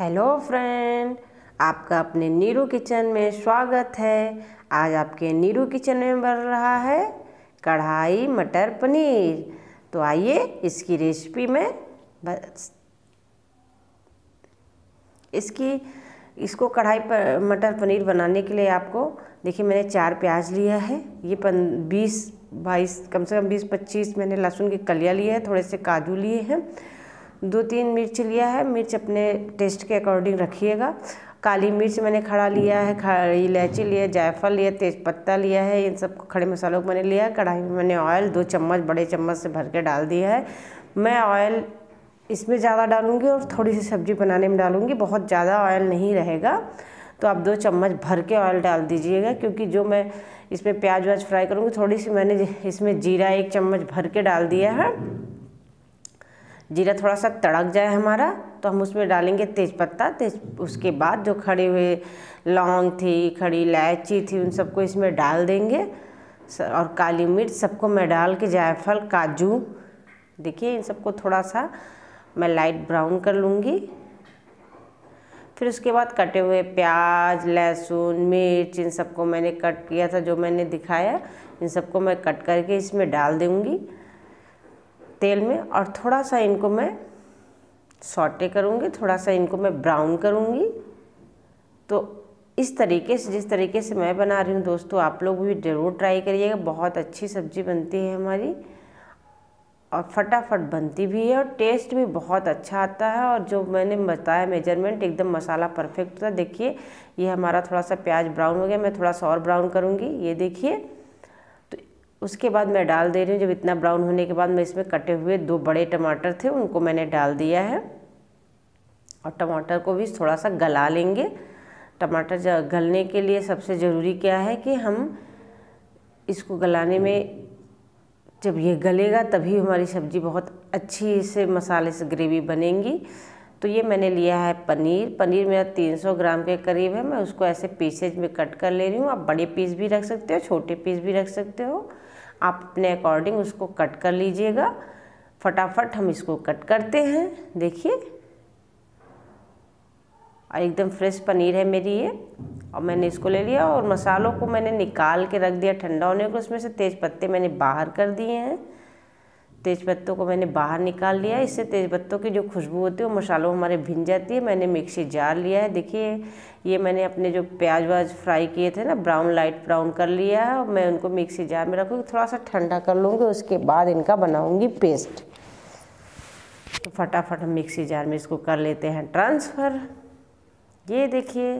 hello friend आपका अपने Neeru kitchen में स्वागत है आज आपके नीरू किचन में बन रहा है कढ़ाई मटर पनीर तो आइए इसकी रेसिपी में बस इसकी इसको कढ़ाई पर मटर पनीर बनाने के लिए आपको देखिए मैंने चार प्याज लिया है ये पन बीस बाईस कम से कम बीस पच्चीस मैंने लहसुन की कलिया लिए हैं थोड़े से काजू लिए हैं दो तीन मिर्च लिया है मिर्च अपने टेस्ट के अकॉर्डिंग रखिएगा काली मिर्च मैंने खड़ा लिया है खड़ी इलायची लिया जायफल लिया तेज़पत्ता लिया है इन सब खड़े मसालों को मैंने लिया है कढ़ाई में मैंने ऑयल दो चम्मच बड़े चम्मच से भर के डाल दिया है मैं ऑयल इसमें ज़्यादा डालूंगी और थोड़ी सी सब्ज़ी बनाने में डालूंगी बहुत ज़्यादा ऑयल नहीं रहेगा तो आप दो चम्मच भर के ऑयल डाल दीजिएगा क्योंकि जो मैं इसमें प्याज व्याज फ्राई करूँगी थोड़ी सी मैंने इसमें जीरा एक चम्मच भर के डाल दिया है जीरा थोड़ा सा तड़क जाए हमारा तो हम उसमें डालेंगे तेज़पत्ता तेज उसके बाद जो खड़े हुए लौंग थी खड़ी इलायची थी उन सबको इसमें डाल देंगे और काली मिर्च सबको मैं डाल के जायफल काजू देखिए इन सबको थोड़ा सा मैं लाइट ब्राउन कर लूँगी फिर उसके बाद कटे हुए प्याज लहसुन मिर्च इन सबको मैंने कट किया था जो मैंने दिखाया इन सबको मैं कट करके इसमें डाल दूँगी तेल में और थोड़ा सा इनको मैं सॉटे करूँगी थोड़ा सा इनको मैं ब्राउन करूँगी तो इस तरीके से जिस तरीके से मैं बना रही हूँ दोस्तों आप लोग भी ज़रूर ट्राई करिएगा बहुत अच्छी सब्ज़ी बनती है हमारी और फटाफट बनती भी है और टेस्ट भी बहुत अच्छा आता है और जो मैंने बताया मेजरमेंट एकदम मसाला परफेक्ट था देखिए ये हमारा थोड़ा सा प्याज ब्राउन हो गया मैं थोड़ा सा और ब्राउन करूँगी ये देखिए उसके बाद मैं डाल दे रही हूँ जब इतना ब्राउन होने के बाद मैं इसमें कटे हुए दो बड़े टमाटर थे उनको मैंने डाल दिया है और टमाटर को भी थोड़ा सा गला लेंगे टमाटर गलने के लिए सबसे ज़रूरी क्या है कि हम इसको गलाने में जब ये गलेगा तभी हमारी सब्ज़ी बहुत अच्छी से मसाले से ग्रेवी बनेगी तो ये मैंने लिया है पनीर पनीर मेरा 300 ग्राम के करीब है मैं उसको ऐसे पीसेज में कट कर ले रही हूँ आप बड़े पीस भी रख सकते हो छोटे पीस भी रख सकते हो आप अपने अकॉर्डिंग उसको कट कर लीजिएगा फटाफट हम इसको कट करते हैं देखिए और एकदम फ्रेश पनीर है मेरी ये और मैंने इसको ले लिया और मसालों को मैंने निकाल के रख दिया ठंडा होने को उसमें से तेज़ पत्ते मैंने बाहर कर दिए हैं तेज़ पत्तों को मैंने बाहर निकाल लिया इससे तेज़ पत्तों की जो खुशबू होती है वो मसालों हमारे भिन जाती है मैंने मिक्सी जार लिया है देखिए ये मैंने अपने जो प्याज व्याज फ्राई किए थे ना ब्राउन लाइट ब्राउन कर लिया है और मैं उनको मिक्सी जार में रखूँगी थोड़ा सा ठंडा कर लूँगी उसके बाद इनका बनाऊँगी पेस्ट तो फटाफट हम मिक्सी जार में इसको कर लेते हैं ट्रांसफ़र ये देखिए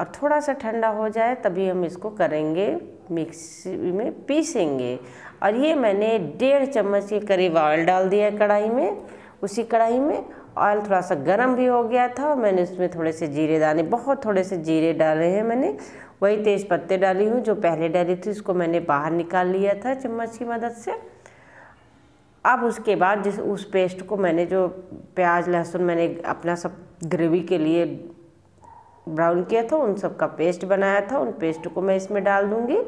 और थोड़ा सा ठंडा हो जाए तभी हम इसको करेंगे मिक्सी में पीसेंगे और ये मैंने डेढ़ चम्मच के करीब ऑयल डाल दिया है कढ़ाई में उसी कढ़ाई में ऑयल थोड़ा सा गर्म भी हो गया था और मैंने उसमें थोड़े से जीरे डाले बहुत थोड़े से जीरे डाले हैं मैंने वही तेज़ पत्ते डाली हूँ जो पहले डाली थी उसको मैंने बाहर निकाल लिया था चम्मच की मदद से अब उसके बाद जिस उस पेस्ट को मैंने जो प्याज लहसुन मैंने अपना सब ग्रेवी के लिए ब्राउन किया था उन सब का पेस्ट बनाया था उन पेस्ट को मैं इसमें डाल दूँगी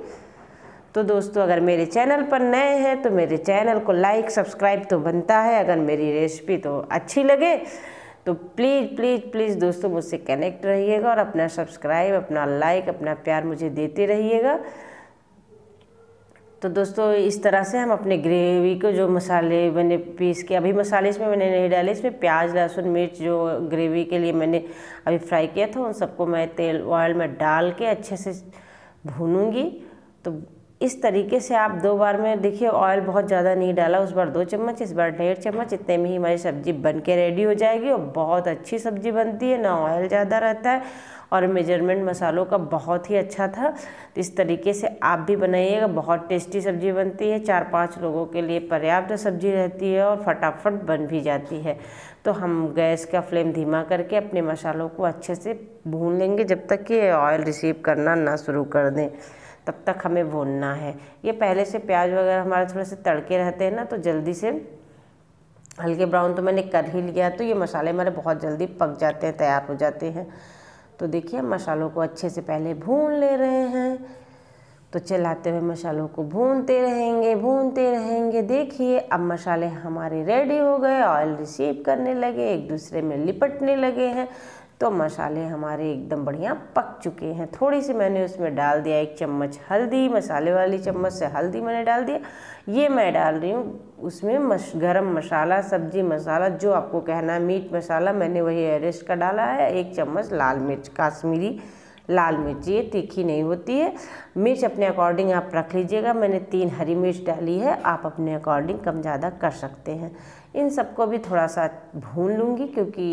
तो दोस्तों अगर मेरे चैनल पर नए हैं तो मेरे चैनल को लाइक सब्सक्राइब तो बनता है अगर मेरी रेसिपी तो अच्छी लगे तो प्लीज़ प्लीज़ प्लीज़ दोस्तों मुझसे कनेक्ट रहिएगा और अपना सब्सक्राइब अपना लाइक अपना प्यार मुझे देते रहिएगा तो दोस्तों इस तरह से हम अपने ग्रेवी को जो मसाले मैंने पीस के अभी मसाले इसमें मैंने नहीं डाले इसमें प्याज लहसुन मिर्च जो ग्रेवी के लिए मैंने अभी फ्राई किया था उन सबको मैं तेल ऑयल में डाल के अच्छे से भूनूंगी तो इस तरीके से आप दो बार में देखिए ऑयल बहुत ज़्यादा नहीं डाला उस बार दो चम्मच इस बार डेढ़ चम्मच इतने में ही हमारी सब्ज़ी बन के रेडी हो जाएगी और बहुत अच्छी सब्ज़ी बनती है ना ऑयल ज़्यादा रहता है और मेजरमेंट मसालों का बहुत ही अच्छा था तो इस तरीके से आप भी बनाइएगा बहुत टेस्टी सब्ज़ी बनती है चार पाँच लोगों के लिए पर्याप्त सब्ज़ी रहती है और फटाफट बन भी जाती है तो हम गैस का फ्लेम धीमा करके अपने मसालों को अच्छे से भून लेंगे जब तक कि ऑयल रिसीव करना ना शुरू कर दें तब तक हमें भूनना है ये पहले से प्याज वगैरह हमारे थोड़े से तड़के रहते हैं ना तो जल्दी से हल्के ब्राउन तो मैंने कर ही लिया तो ये मसाले हमारे बहुत जल्दी पक जाते हैं तैयार हो जाते हैं तो देखिए मसालों को अच्छे से पहले भून ले रहे हैं तो चलाते हुए मसालों को भूनते रहेंगे भूनते रहेंगे देखिए अब मसाले हमारे रेडी हो गए ऑयल रिसीव करने लगे एक दूसरे में लिपटने लगे हैं तो मसाले हमारे एकदम बढ़िया पक चुके हैं थोड़ी सी मैंने उसमें डाल दिया एक चम्मच हल्दी मसाले वाली चम्मच से हल्दी मैंने डाल दिया ये मैं डाल रही हूँ उसमें मश गरम मसाला सब्जी मसाला जो आपको कहना है मीट मसाला मैंने वही एरेस्ट का डाला है एक चम्मच लाल मिर्च काश्मीरी लाल मिर्च ये तीखी नहीं होती है मिर्च अपने अकॉर्डिंग आप रख लीजिएगा मैंने तीन हरी मिर्च डाली है आप अपने अकॉर्डिंग कम ज़्यादा कर सकते हैं इन सबको भी थोड़ा सा भून लूँगी क्योंकि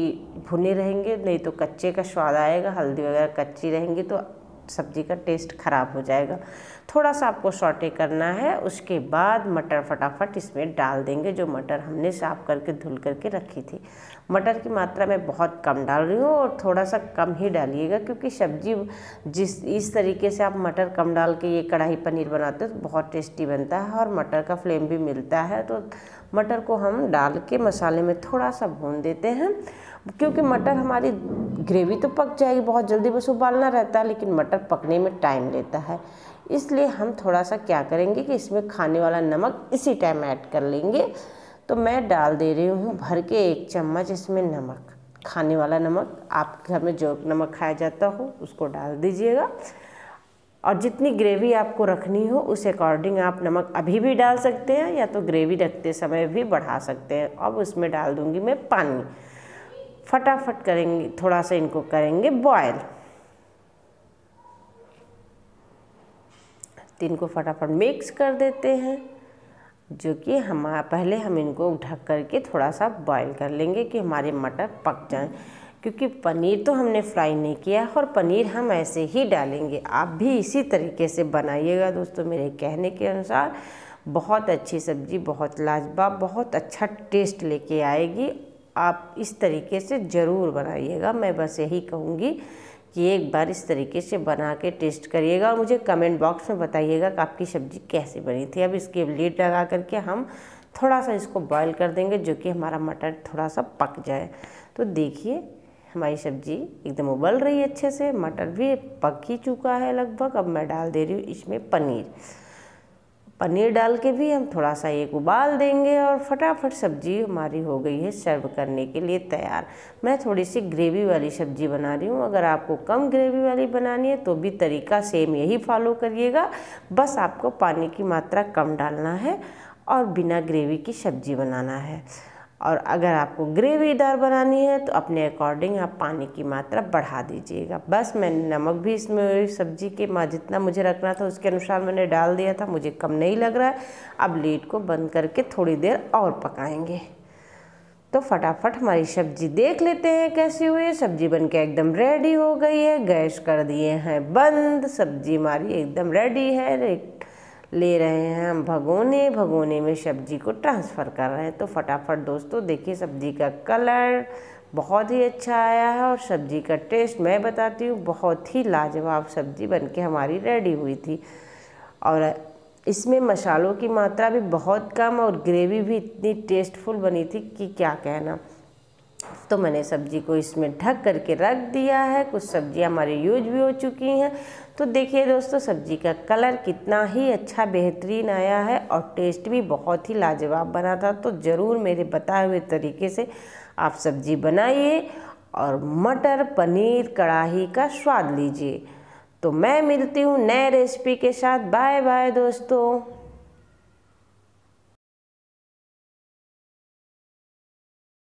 भुने रहेंगे नहीं तो कच्चे का स्वाद आएगा हल्दी वगैरह कच्ची रहेंगी तो सब्ज़ी का टेस्ट ख़राब हो जाएगा थोड़ा सा आपको सॉटे करना है उसके बाद मटर फटाफट इसमें डाल देंगे जो मटर हमने साफ करके धुल करके रखी थी मटर की मात्रा मैं बहुत कम डाल रही हूँ और थोड़ा सा कम ही डालिएगा क्योंकि सब्जी जिस इस तरीके से आप मटर कम डाल के ये कढ़ाई पनीर बनाते हो तो बहुत टेस्टी बनता है और मटर का फ्लेम भी मिलता है तो मटर को हम डाल के मसाले में थोड़ा सा भून देते हैं क्योंकि मटर हमारी ग्रेवी तो पक जाएगी बहुत जल्दी बस उबालना रहता है लेकिन मटर पकने में टाइम लेता है इसलिए हम थोड़ा सा क्या करेंगे कि इसमें खाने वाला नमक इसी टाइम ऐड कर लेंगे तो मैं डाल दे रही हूँ भर के एक चम्मच इसमें नमक खाने वाला नमक आपके घर में जो नमक खाया जाता हो उसको डाल दीजिएगा और जितनी ग्रेवी आपको रखनी हो उस अकॉर्डिंग आप नमक अभी भी डाल सकते हैं या तो ग्रेवी रखते समय भी बढ़ा सकते हैं अब उसमें डाल दूंगी मैं पानी फटाफट करेंगे थोड़ा सा इनको करेंगे बॉयल तीन को फटाफट मिक्स कर देते हैं जो कि हम पहले हम इनको ढक करके थोड़ा सा बॉईल कर लेंगे कि हमारे मटर पक जाएं क्योंकि पनीर तो हमने फ्राई नहीं किया और पनीर हम ऐसे ही डालेंगे आप भी इसी तरीके से बनाइएगा दोस्तों मेरे कहने के अनुसार बहुत अच्छी सब्ज़ी बहुत लाजवाब बहुत अच्छा टेस्ट लेके आएगी आप इस तरीके से ज़रूर बनाइएगा मैं बस यही कहूँगी कि एक बार इस तरीके से बना के टेस्ट करिएगा और मुझे कमेंट बॉक्स में बताइएगा कि आपकी सब्ज़ी कैसी बनी थी अब इसके लीड लगा करके हम थोड़ा सा इसको बॉयल कर देंगे जो कि हमारा मटर थोड़ा सा पक जाए तो देखिए हमारी सब्ज़ी एकदम उबल रही है अच्छे से मटर भी पक ही चुका है लगभग अब मैं डाल दे रही हूँ इसमें पनीर पनीर डाल के भी हम थोड़ा सा एक उबाल देंगे और फटाफट सब्जी हमारी हो गई है सर्व करने के लिए तैयार मैं थोड़ी सी ग्रेवी वाली सब्जी बना रही हूँ अगर आपको कम ग्रेवी वाली बनानी है तो भी तरीका सेम यही फॉलो करिएगा बस आपको पानी की मात्रा कम डालना है और बिना ग्रेवी की सब्जी बनाना है और अगर आपको ग्रेवीदार बनानी है तो अपने अकॉर्डिंग आप पानी की मात्रा बढ़ा दीजिएगा बस मैंने नमक भी इसमें सब्जी के माँ जितना मुझे रखना था उसके अनुसार मैंने डाल दिया था मुझे कम नहीं लग रहा है अब लीड को बंद करके थोड़ी देर और पकाएंगे तो फटाफट हमारी सब्जी देख लेते हैं कैसी हुई है सब्जी बन के एकदम रेडी हो गई है गैस कर दिए हैं बंद सब्जी हमारी एकदम रेडी है ले रहे हैं हम भगोने भगोने में सब्जी को ट्रांसफ़र कर रहे हैं तो फटाफट दोस्तों देखिए सब्जी का कलर बहुत ही अच्छा आया है और सब्जी का टेस्ट मैं बताती हूँ बहुत ही लाजवाब सब्जी बनके हमारी रेडी हुई थी और इसमें मसालों की मात्रा भी बहुत कम और ग्रेवी भी इतनी टेस्टफुल बनी थी कि क्या कहना तो मैंने सब्जी को इसमें ढक करके रख दिया है कुछ सब्जियां हमारी यूज भी हो चुकी हैं तो देखिए दोस्तों सब्जी का कलर कितना ही अच्छा बेहतरीन आया है और टेस्ट भी बहुत ही लाजवाब बना था तो ज़रूर मेरे बताए हुए तरीके से आप सब्जी बनाइए और मटर पनीर कढ़ाही का स्वाद लीजिए तो मैं मिलती हूँ नए रेसिपी के साथ बाय बाय दोस्तों